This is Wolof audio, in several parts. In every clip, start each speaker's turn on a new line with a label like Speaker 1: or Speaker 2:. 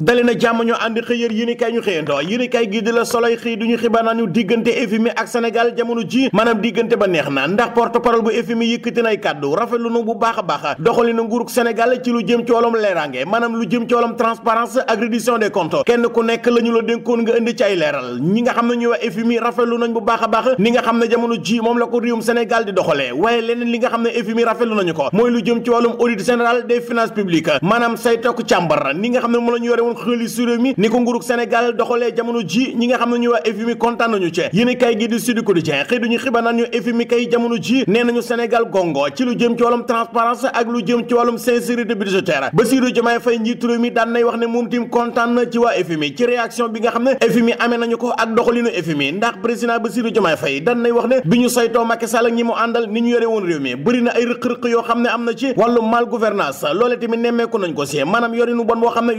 Speaker 1: dali na jàmm ñoo àndi xëyër yéen i kay ñu xëyandoo yéen i kay gi di la soloy xëy duñu ñu diggante FMI ak Sénégal jamono ji maanaam diggante ba neex na ndax porte-parole bu FMI yëkkati nay kàddu bu baax a baax doxali na nguurug Sénégal ci lu jëm ci wàllum leeraange maanaam lu jëm ci wàllum transparence ak reddition des comptes kenn ku nekk la ñu la dénkoon nga indi ay leeral ñi nga xam ne ñuy waa FMI bu baax baax ni nga xam ne jamono ji moom la ko réewum Sénégal di doxalee waaye li nga xam ne FMI rafetlu ko mooy lu jëm ci wàllum audit général des finances publiques maanaam say tokk càmbar ni nga xam ne moom la yore amoon xëli réew mi ni ko nguurug Sénégal doxalee jamono ji waa FMI ci yéen kay gi di Sud Quotidien xëy duñu xibaar naan ñu ci lu jëm ci réew mi daan wax ne moom tim kontaan ci waa FMI ci réaction bi nga xam ne FMI amee nañu ko ak doxalinu FMI ndax président Bassirou wax ne bi ñu saytoo Macky ak ñi mu àndal ni ñu yore woon réew mi bëri ay rëq-rëq yoo xam ne am na ci wàllu mal gouvernance loolee tamit nemmeeku nañ ko si maanaam yorinu bon boo xam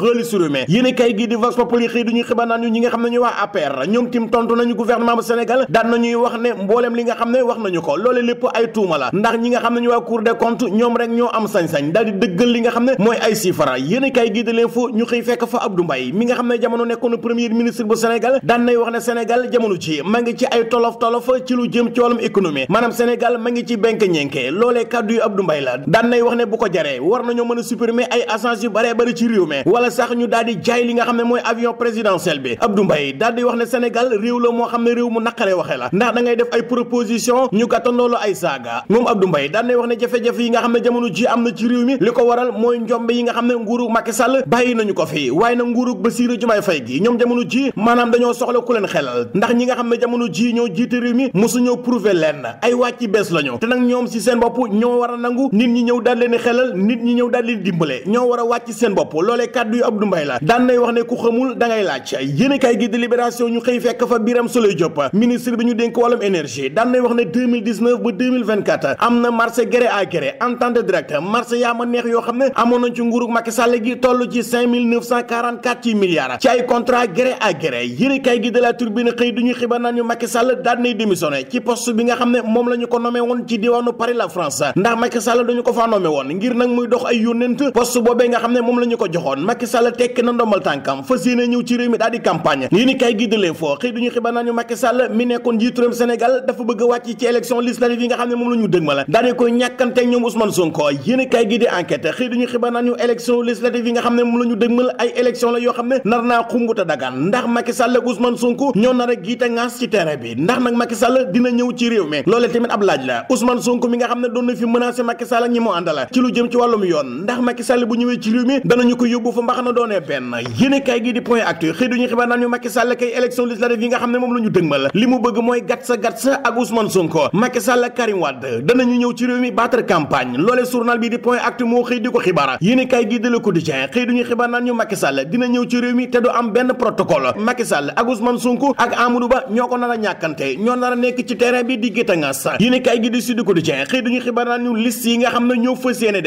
Speaker 1: Relais-sur-Humain yéene kay gi di Vox Populi xëy du ñuy ñu ñi nga xam ne ñu waa APR ñoom tim tontu nañu gouvernement bu Sénégal daan wax ne mbooleem li nga xam ne wax nañu ko loole lépp ay tuuma ndax ñi nga xam ne ñu waa Cour des comptes ñoo am sañ-sañ daal di li nga xam ne mooy ay siifara yéene kay gi di l'info ñu xëy fekk fa Abdou Mbaye mi nga xam ne jamono nekkoon premier ministre bu Sénégal daan nay wax ne Sénégal jamono ci ma ngi ci ay tolof tolof ci lu jëm ci wàllum économie maanaam Sénégal ma ngi ci benk ñenke loole kàddu yu Abdou Mbaye la daan wax ne bu ko jaree war nañoo mën a supprimer ay assange yu bare bari ci réew mi wala na sax ñu daal jaay li nga xam ne mooy avion présidentiel bi Abdou Mbaye daal di wax ne Sénégal réew la moo xam ne réew mu naqaree waxe la ndax da ngay def ay proposition ñu gàttandoolu ay saaga moom Abdou Mbaye daal di wax ne jafe-jafe yi nga xam ne jamono ji am na ci réew mi li ko waral mooy njombe yi nga xam ne nguuru Macky Sall bàyyi nañu ko fi waaye nag nguuru Bassirou Diomaye Faye gi ñoom jamono ji maanaam dañoo soxla ku leen xelal ndax ñi nga xam ne jamono ji ñoo jiite réew mi mosuñoo prouver lenn ay wàcc bees lañu te nag ñoom si seen bopp ñoo war a nangu nit ñi ñëw daal leen xelal nit ñi ñëw daal leen dimbale ñoo war a wàcc yu Abdou Mbaye la daan nay wax ne ku xamul da ngay laaj yéenekaay gi di ñu xëy fekk fa Birame Souleye Diop ministre bi ñu dénk wàllum énergie daan nay wax ne ba am na marché gré à gré entente directe marché yaa ma neex yoo xam ne amoon nañ ci nguurug Macky gi toll ci ci milliards ci ay contrat gré à gré yéenekaay gi de la Tribune xëy du ñu xibaar naan ñu daan nay démissionné ci poste bi nga xam ne moom la ko nommé woon ci diwaanu Paris la Sall tekki na ndombal tànkam fas yéene ñëw ci réew mi daal di campagne yéen i foo xëy duñu xibaar naan ñu Macky mi nekkoon njiitu Sénégal dafa bëgg a wàcc ci élection yi nga xam ne moom la ñu dëgmal daal di koy ñàkkante i kayi gi di enquête xëy duñu xibaar naan ñu élection législative yi nga xam ne moom la ñu dëgmal ay élection la yoo xam ne nar naa xumbuta dagaan ndax Macky Sall ak Ousmane Sonko ñoo nar a giita ŋaas ci terrain bi ndax nag Macky Sall dina ñëw ci réew mi loolee tamit ab laaj la Ousmane Sonko mi nga xam ne doon na fi menacé Macky Sall ak ñi mu lu jëm ci wàllum yoon ndax Macky Sall bu mbaxana doonee benn yéenekaay gi di yi nga xam ne moom la dëgmal li mu bëgg mooy gàtt sa gàtt sa ak Ousmane Sonko Macky Sall ak Karim Wade danañu ñëw ci réew mi battre campagne loolee journal bi di point actu moo xëy di ko xibaar yéenekaay gi di Le Quotidien xëy duñu xibaar naan ñu Macky Sall dina ñëw ci réew mi te du am benn protocole Macky ak Ousmane Sonko ak Amadou Ba ñoo ko nar a ñàkkante ñoo nar a nekk ci terrain bi di gétt nga xam ne ñoo fas yéene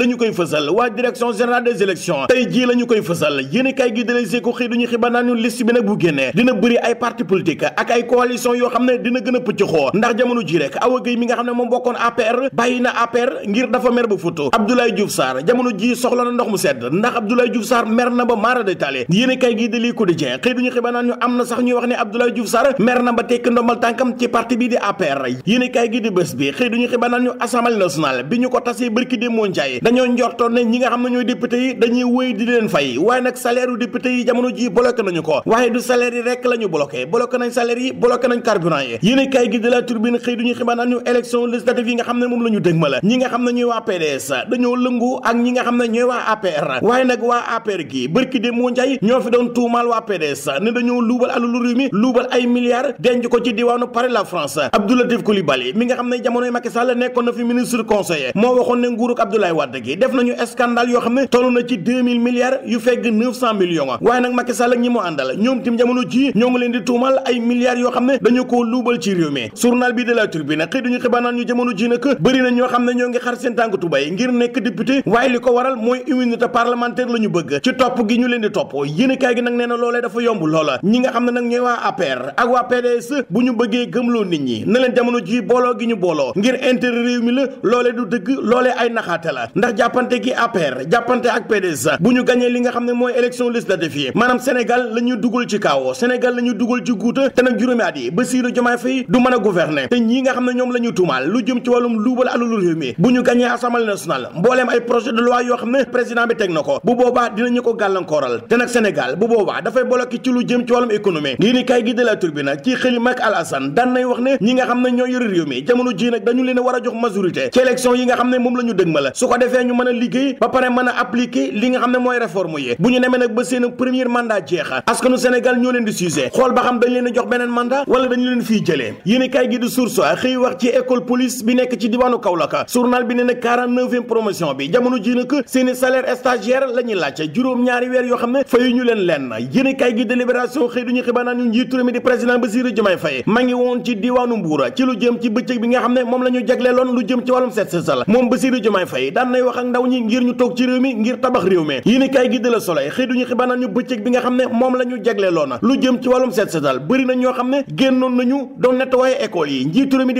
Speaker 1: la ñu koy fësal waa direction générale des élections tey jii la ñu koy fësal yéenekaay gi dale seeko xëy duñu xibaar naan ñu liste bi nag bu génnee dina bëri ay parti politique ak ay coalition yoo xam ne dina gën a pëccëxoo ndax jamono ji rek Awa mi nga xam ne moom bokkoon APR bàyyi na APR ngir dafa mer ba futu Abdoulaye Diouf Sarr jamono ji soxla na ndox mu sedd ndax Abdoulaye Diouf Sarr mer na ba maara détaillé yéenekaay gi dale quotidien xëy duñu xibaar naan ñu am na sax ñuy wax ne Abdoulaye Diouf Sarr mer na ba tekk ndombal tànkam ci parti bi di APR yéenekaay gi di bés bi xëy duñu xibaar naan ñu assemblée nationale bi ñu ko tasee bërki démoo njaay dañoo njortoon ne ñi nga xam ne ñooy député yi dañuy wéy di leen fay waaye nag salaire yu yi jamono ji bloqué nañu ko waaye du salaire yi rek la ñu bloqué bloqué nañ salaire yi bloqué nañ carburant yi yéen i kayi gi de la turbine xëy duñu xibaar naan ñu élection législative yi nga xam ne moom la ñu dëg ma la ñi nga xam ne ñooy waa PDS dañoo lëngu ak ñi nga xam ne ñooy waa APR waaye nag waa APR gi bërki de moo njaay ñoo fi doon tuumaal waa PDS ne dañoo luubal alalu réew mi luubal ay milliards denc ci diwaanu Paris la France Abdou mi nga xam ne jamonoy Macky Sall nekkoon na fi ministre conseiller moo càmm def nañu scandale yoo xam ne toll na ci milliards yu fegg millions waaye nag Macky Sall ñi mu àndal ñoom tim jamono ji ñoo ngi leen di tuumal ay milliards yoo xam ne dañu ko luubal ci réew mi journal bi de la xëy duñu xibaar naan ñu jamono ji nag bëri na ñoo xam ne ñoo ngi xar seen tànk tubay ngir nekk député waaye li ko waral mooy immunité parlementaire la bëgg ci topp gi ñu leen di topp yéenekaay gi nag nee na loolee dafa yomb loola APR jàppante gi APR jàppante ak PDS bu ñu gañee li nga xam ne mooy élection législative yi maanaam Sénégal la dugal ci kawo Sénégal la dugal ci guuta te nag juróomi at yi Bassirou Diomaye Faye a gouverner te ñi la ñu tuumaal lu jëm ci wàllum luubal mbooleem ay projet de loi yoo xam ne président bi teg na ko bu boobaa dinañu ko gàllankooral te nag Sénégal bu boobaa dafay bloqué ci lu jëm ci wàllum économie ngir ni kay gi de ci xëlim ak Alassane daan wax ne ñi nga xam ne ñoo yore réew defee ñu mën a liggéey ba pare mën a appliquer li nga xam ne mooy réforme yi bu ñu demee nag ba seen premier mandat jeexa askanu Sénégal ñoo leen di sujet xool ba xam dañ leen a jox beneen mandat leen fii jëlee yéen gi di source xëy wax ci école police bi nekk ci diwaanu Kaolack journal bi nee na 49e promotion bi jamono ji nag seeni salaire stagiaire la ñuy juróom-ñaari weer yoo xam ne fayu ñu leen lenn yéen kaay gi délibération xëy duñu xibaar naan ñu njiitu réew mi ne moom la ñu jagleeloon lu jëm ci wàllum set setal moom Bassirou Diomaye wax ak ndaw ñi ngir ñu toog ci réew mi ngir tabax réew mi yéen kaay gi de la Soleil xëy duñu xibaar nañu bëccëg bi nga na ñoo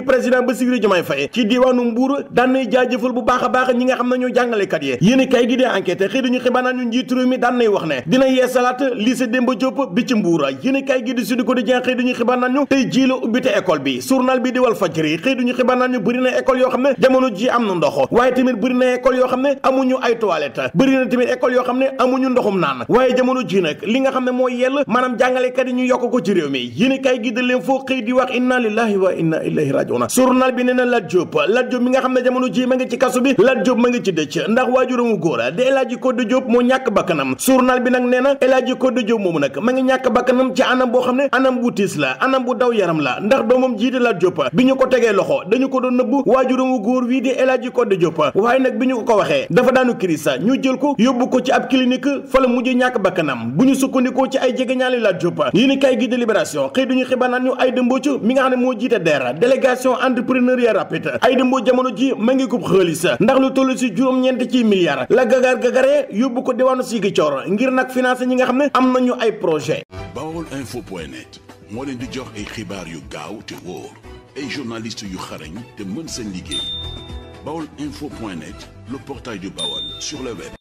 Speaker 1: xam ne Faye ci diwaanu Mbour daan jaajëfal bu baax a baax ñi nga xam ne jàngalekat yi yéen gi de enquête xëy duñu xibaar nañu njiitu réew mi daan wax ne dina yeesalaat lycée Demba Diop bi ci Mbour yéen kaay gi di Sud Quotidien xëy duñu xibaar nañu tey jii ubbite école bi journal bi di Walfadjri xëy duñu xibaar nañu bëri na école yoo xam ne jamono ji am na ndox waaye tamit bëri yoo xam ne amuñu ay toilette bëri na tamit école yoo xam ne amuñu ndoxum naan waaye jamono ji nag li nga xam ne mooy yell maanaam jàngalekat yi ñu yokk ko ci réew mi yéen i kayi gi da leen foo xëy di wax inna lillahi wa inna ilayhi rajiun journal bi nee na Lat Diop Lat Diop mi nga xam ne jamono ji ma ngi ci kasu bi Lat Diop ma ngi ci dëcc ndax waajuramu góor a di El Hadji Codé Diop moo ñàkk bakkanam journal bi nag nee na El Hadji Codé Diop moomu nag ma ngi ñàkk bakkanam ci anam boo xam ne anam bu tiis la anam bu daw yaram la ndax doomam jii di Lat Diop bi ñu ko tegee loxo dañu ko doon nëbb waajuramu góor wii di El Hadji Codé Diop waaye nag ko ko waxee dafa daanu kirisa ñu jël ko yóbbu ko ci ab clinique fa la mujj ñàkk bakkanam bu ñu sukkandikoo ci ay jegeñaale la joppa yéen kay gi de libération xëy duñu xibaar naan ñu Aïda Mbodj mi nga xam ne moo jiite DER délégation entrepreneuriat rapide ay Mbodj jamono ji ma ngi kub xaalis ndax lu toll si juróom-ñeent ci milliards la gagaar gagaree yóbbu ko diwaanu Ziguinchor ngir nag financé ñi nga xam ne am nañu ay projet baolinfo.net moo leen di jox ay xibaar yu gaaw te wóor ay journaliste yu xarañ te mën seen liggéey baolinfo.net, le portail du Baol, sur le web.